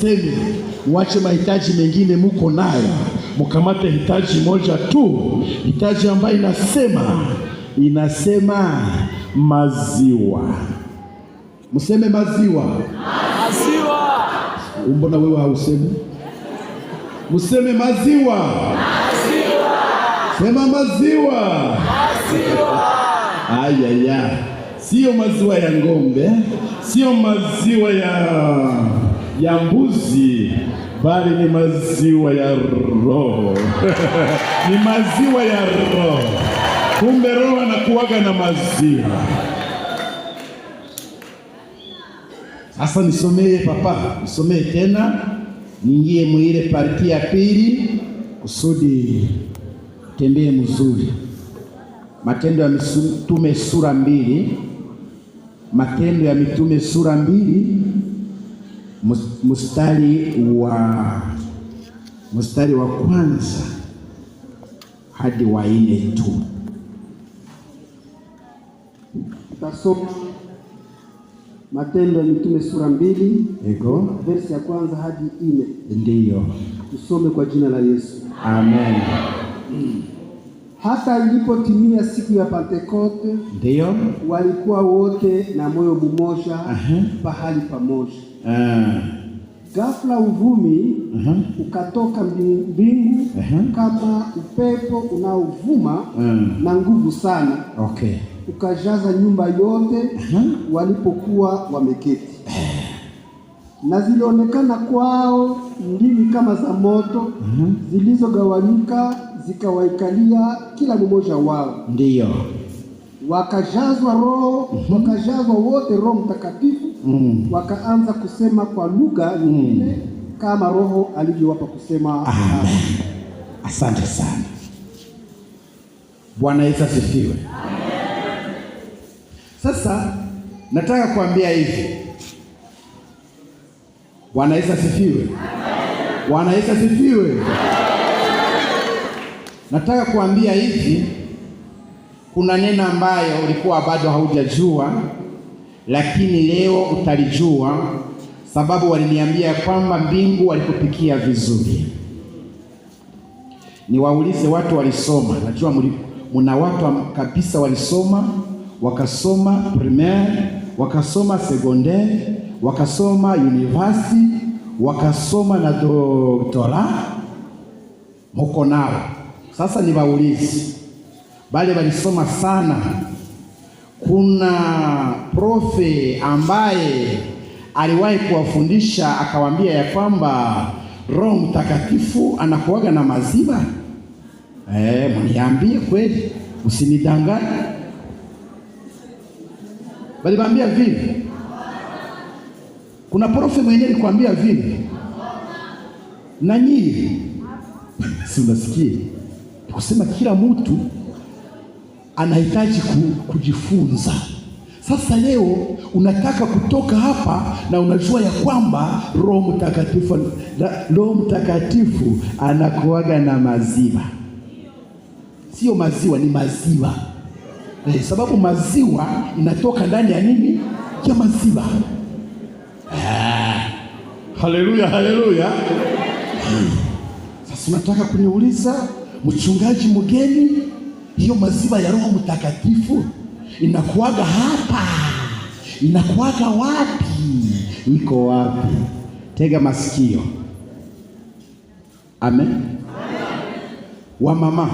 seme wache mahitaji mengine muko nayo, mukamate hitaji moja tu, hitaji ambayo inasema inasema maziwa. Mseme maziwa, maziwa. Umbona wewe hausemi? Mseme maziwa, maziwa. Sema maziwa, maziwa. Ayaya, siyo maziwa ya ng'ombe, siyo maziwa ya ya mbuzi, bali ni maziwa ya Roho. Ni maziwa ya Roho. Kumbe Roho anakuwaga na maziwa. Sasa nisomee papa, nisomee tena, niingie mwile parti ya pili kusudi tembee mzuri. Matendo ya Mitume sura mbili, Matendo ya Mitume sura mbili mstari wa mstari wa kwanza hadi wa nne tu tasoma Matendo ya Mitume sura mbili iko versi ya kwanza hadi nne. Ndiyo, tusome kwa jina la Yesu amen. Hata ilipotimia siku ya pantekote ndiyo walikuwa wote na moyo mmoja, pahali pamoja gafla eh. Ghafla uvumi uh -huh. ukatoka mbingu uh -huh. kama upepo unaovuma uh eh. -huh. na nguvu sana okay. ukajaza nyumba yote uh -huh. walipokuwa wameketi uh eh. -huh. na zilionekana kwao ndimi kama za moto uh -huh. zilizogawanyika zikawaikalia kila mmoja wao, ndio wakajazwa roho uh -huh. wakajazwa wote Roho Mtakatifu mm. wakaanza kusema kwa lugha mm. nyingine mm. kama Roho alivyowapa kusema. Amen. Ah, asante sana. Bwana Yesu asifiwe. Sasa nataka kuambia hivi. Bwana Yesu asifiwe. Bwana Yesu asifiwe. Nataka kuambia hivi, kuna neno ambayo ulikuwa bado haujajua lakini leo utalijua, sababu waliniambia kwamba mbingu walikupikia vizuri. Niwaulize watu walisoma, najua muna watu kabisa walisoma, wakasoma primaire, wakasoma secondaire, wakasoma university, wakasoma na doktora, muko nao sasa. Niwaulize bale walisoma sana kuna profe ambaye aliwahi kuwafundisha akawaambia ya kwamba Roho Mtakatifu anakuwaga na maziba. Eh, mniambie kweli, usinidanganye. Balibambia vipi? Kuna profe mwenyewe alikwambia vipi? Na nyinyi si unasikia kusema kila mtu anahitaji kujifunza. Sasa leo unataka kutoka hapa na unajua ya kwamba Roho Mtakatifu, Roho Mtakatifu anakuaga na maziwa, sio maziwa, ni maziwa eh, sababu maziwa inatoka ndani ya nini? Ya maziwa ah. Haleluya, haleluya. Hmm. Sasa unataka kuniuliza mchungaji mgeni hiyo maziwa ya Roho Mtakatifu inakuaga hapa, inakuaga wapi? Iko wapi? Tega masikio. Amen, amen. Wamama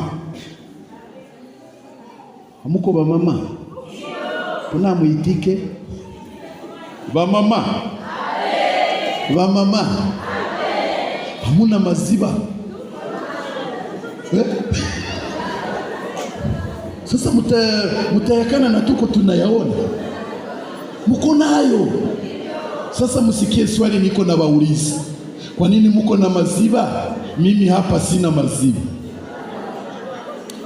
amuko bamama puna mwitike ba mama hamuna maziba eh? Sasa mutayakana na tuko tunayaona, muko nayo. Sasa msikie swali niko na waulizi, kwa nini muko na maziba? Mimi hapa sina maziba.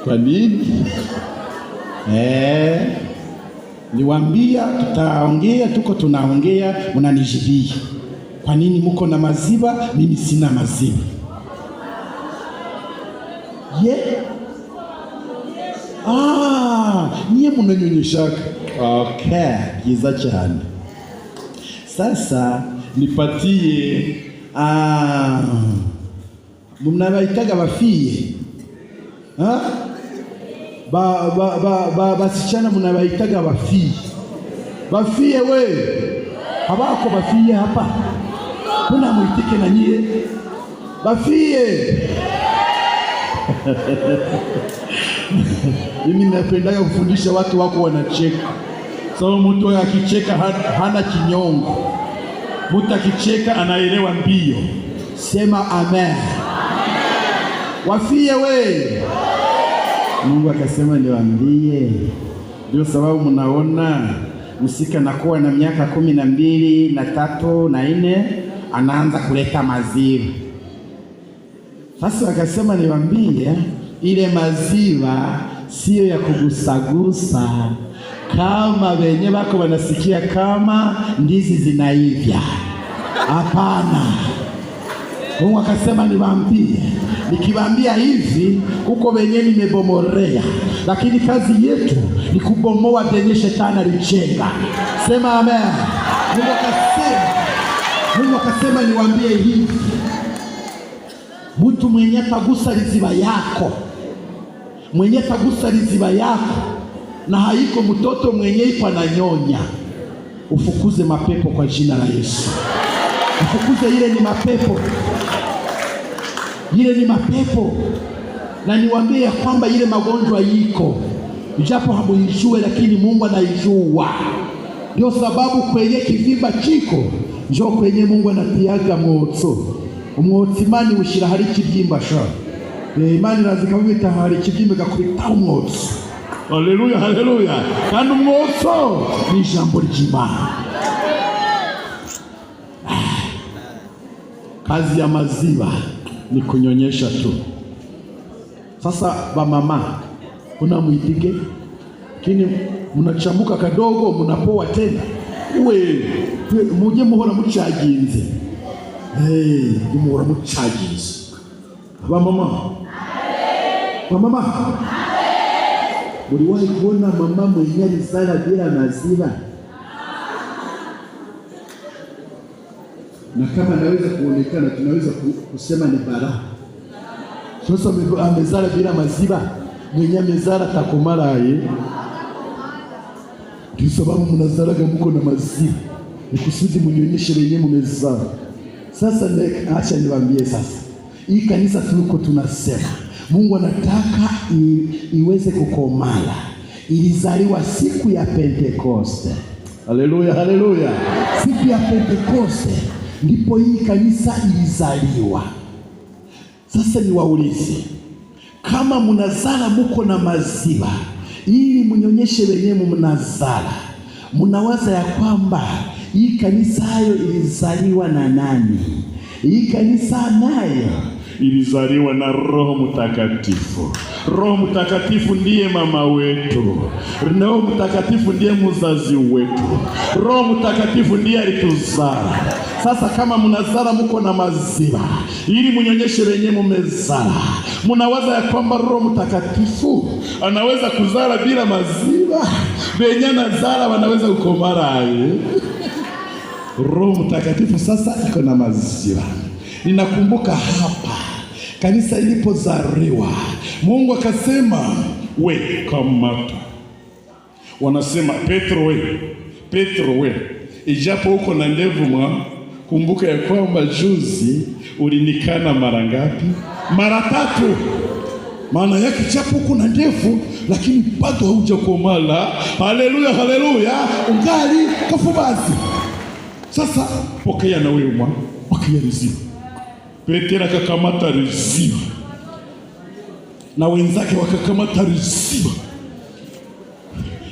Kwa nini? Eh, niwaambia, tutaongea, tuko tunaongea, mnanijibii. kwa nini muko na maziba? Mimi sina maziba. yeah. Ah, niye munanyonyeshaka? ok byiza cyane. Sasa nipatie ah, mnabaitaga bafiye ha? Ah, ba ba bafiye bafiye we habako bafiye hapa kuna mwitike na nyie bafiye mimi napendaga kufundisha watu wako wanacheka, sababu mtu akicheka hana kinyongo. Mtu akicheka anaelewa mbio. Sema amen, wafie we. Mungu akasema niwaambie, ndio sababu mnaona msika nakuwa na miaka kumi na mbili na tatu na nne anaanza kuleta maziwa. Sasa akasema niwaambie ile maziwa siyo ya kugusagusa, kama wenye wako wanasikia kama ndizi zinaivya. Hapana, Mungu akasema niwaambie, nikiwaambia hivi huko wenye nimebomorea, lakini kazi yetu ni kubomoa venye shetani alijenga. Sema amen. Mungu akasema, Mungu akasema niwaambie hivi, mtu mwenye atagusa liziwa yako mwenye tagusa liziba yako na haiko mtoto mwenyewe pananyonya, ufukuze mapepo kwa jina la Yesu. Ufukuze ile ni mapepo, ile ni mapepo, na niwaambie ya kwamba ile magonjwa yiko, japo hamuijue, lakini Mungu anaijua. Ndio sababu kwenye kivimba chiko njoo kwenye Mungu anatiaga moto, umwotsimani ushira hari kivimba shaa Eh, imana iraza ikaba tahari ikivyo imegakubitaho umwotsi haleluya haleluya kandi umwotso ni ijambo ry'imana ah, kazi ya maziwa ni kunyonyesha tu sasa bamama una mwipige lakini mnachamuka kadogo mnapoa tena we muje muhora mucaginze hey, eh, muhora mucaginze abamama mama. uliwahi kuona mama mwenye alisala bila maziwa? Na kama naweza kuonekana, tunaweza kusema ni baraka. Sasa amezala bila maziwa, mwenye amezala aye kwa sababu mnazalaga mko na maziwa, ni kusudi mnionyeshe wenye mmezala. Sasa acha niwaambie sasa, hii kanisa tuko tunasema Mungu anataka iweze kukomala. Ilizaliwa siku ya Pentekoste. Haleluya, haleluya! Siku ya Pentekoste ndipo hii kanisa ilizaliwa. Sasa niwaulize, kama mnazala muko na maziwa ili mnyonyeshe wenyewe, mnazala mnawaza ya kwamba hii kanisa hayo ilizaliwa na nani? Hii kanisa nayo ilizaliwa na Roho Mtakatifu. Roho Mtakatifu ndiye mama wetu, Roho Mtakatifu ndiye mzazi wetu, Roho Mtakatifu ndiye alituzaa. Sasa kama mnazara, muko na maziwa ili munyonyeshe wenye mumezara, munawaza ya kwamba Roho Mtakatifu anaweza kuzara bila maziwa? Wenye nazara wanaweza kukomara aye? Roho Mtakatifu sasa iko na maziwa. Ninakumbuka hapa kanisa ilipozaliwa, Mungu akasema we kamata, wanasema Petro we, Petro we, ijapo uko na ndevu mwa, kumbuka ya kwamba juzi ulinikana mara ngapi? Mara tatu. Maana yake japo uko na ndevu, lakini bado hauja haujakomala. Haleluya, haleluya, ungali kafubazi. Sasa pokea na wewe mwa, pokea mzima Petero akakamata ruziba na wenzake wakakamata ruziba.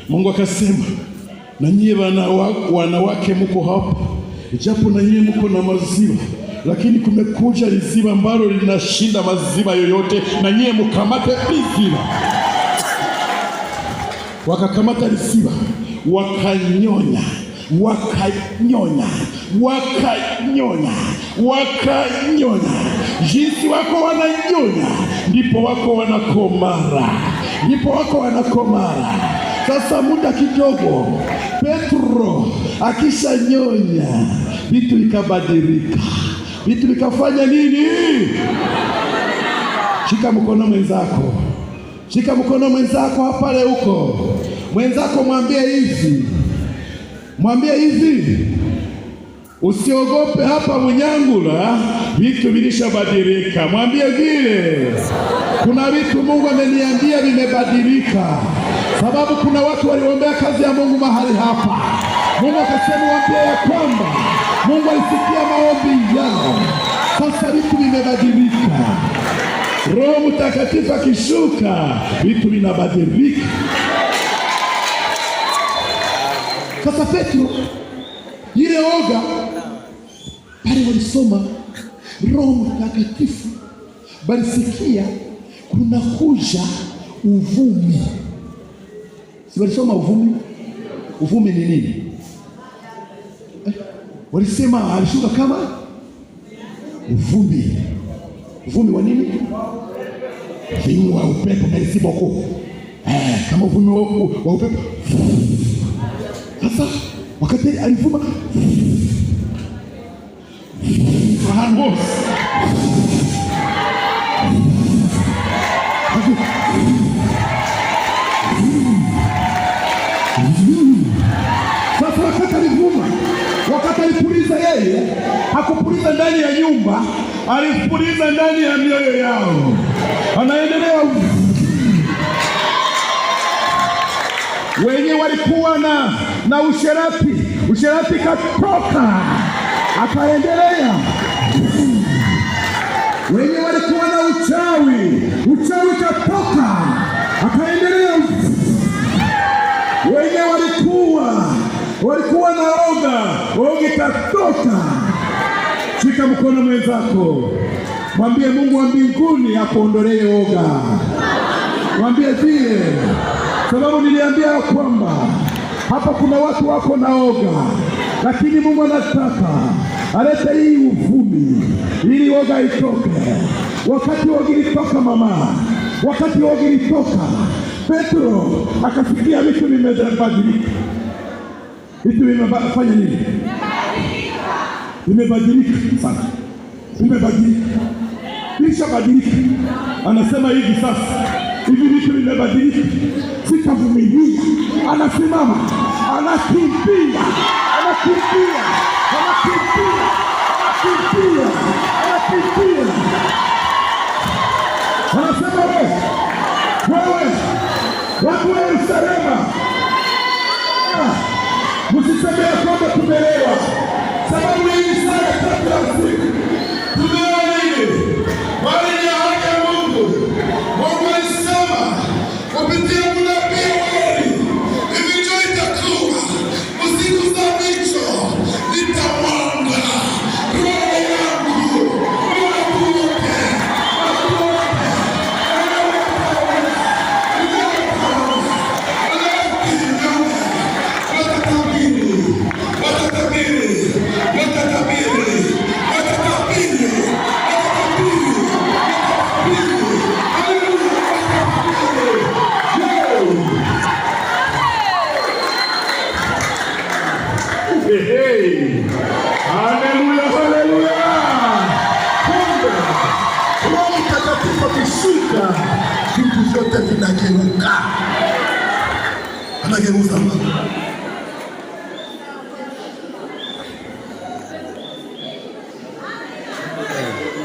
Mungu akasema, na nyie wanawake mko hapa, japo na nyie mko na maziwa, lakini kumekuja riziva ambalo linashinda maziwa yoyote, na nyie mkamate liziba. Wakakamata liziba, wakanyonya, wakanyonya, wakanyonya wakanyonya, jinsi wako wananyonya, ndipo wako wanakomara, ndipo wako wanakomara. Sasa muda kidogo, Petro akishanyonya vitu vikabadilika, vitu vikafanya nini? Shika mkono mwenzako, shika mkono mwenzako hapale, huko mwenzako, mwambie hivi, mwambie hivi Usiogope hapa Munyangula, vitu vilishabadilika. Mwambie vile kuna vitu Mungu ameniambia vimebadilika, sababu kuna watu waliombea kazi ya Mungu mahali hapa. Mungu akasema waambie ya kwamba Mungu alisikia maombi yao, sasa vitu vimebadilika. Roho Mtakatifu akishuka vitu vinabadilika. Sasa Petro ile oga pale walisoma Roho Mtakatifu, balisikia kuna kuja uvumi. Si walisoma uvumi? Uvumi ni nini? Walisema alishuka kama uvumi. Uvumi wa nini? Viua upepo naisiboko eh, kama uvumi wa, wa upepo. Sasa wakati alivuma ahantu sasa. Wakati alivuma, wakati alipuliza yeye, hakupuliza ndani ya nyumba, alipuliza ndani ya mioyo yao. Anaendelea wenye walikuwa na na usherati, usherati katoka, akaendelea waliomtegemea wenye walikuwa na uchawi, uchawi kapoka akaendelea. Wenye walikuwa walikuwa na oga, oge katoka. Shika mkono mwenzako, mwambie Mungu wa mbinguni akuondolee oga, mwambie vile sababu niliambia kwamba hapa kuna watu wako na oga, lakini Mungu anataka alete hii uvumi ili woga itoke. Wakati woga ilitoka mama, wakati woga ilitoka Petro akasikia vitu vimebadilika, vitu vimefanya nini? Vimebadilika sana, vimebadilika, vishabadilika. Anasema hivi sasa, hivi vitu vimebadilika, sitavumilia. Anasimama, anakimbia, anakimbia Ela pipia! Ela pipia! Ela pipia! Ela separou! Qual é? Lá com o Sarema! Você sabe quando conta com Bereia! Sabe o Luiz, Sarema!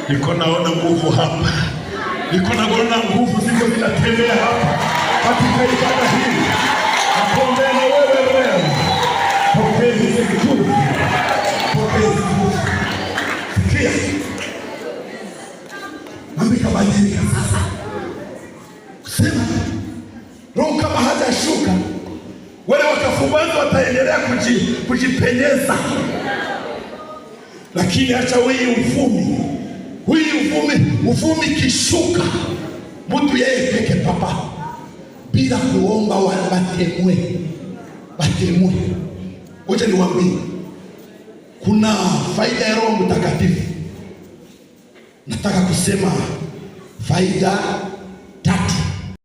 Niko naona nguvu hapa, niko naona nguvu ziko zinatembea hapa katika ibada hii. Nakuombea na wewe leo, pokea hizi nguvu, pokea hizi nguvu. Sikia, mambo ikabadilika sasa, kusema roho kama hajashuka wale wakafubaza wataendelea kujipenyeza, lakini acha wewe ufumi uvumi, uvumi kishuka, mtu yeye peke papa bila kuomba batemwe, watemwe. Ngoja niwaambie, kuna faida ya Roho Mtakatifu. Nataka kusema faida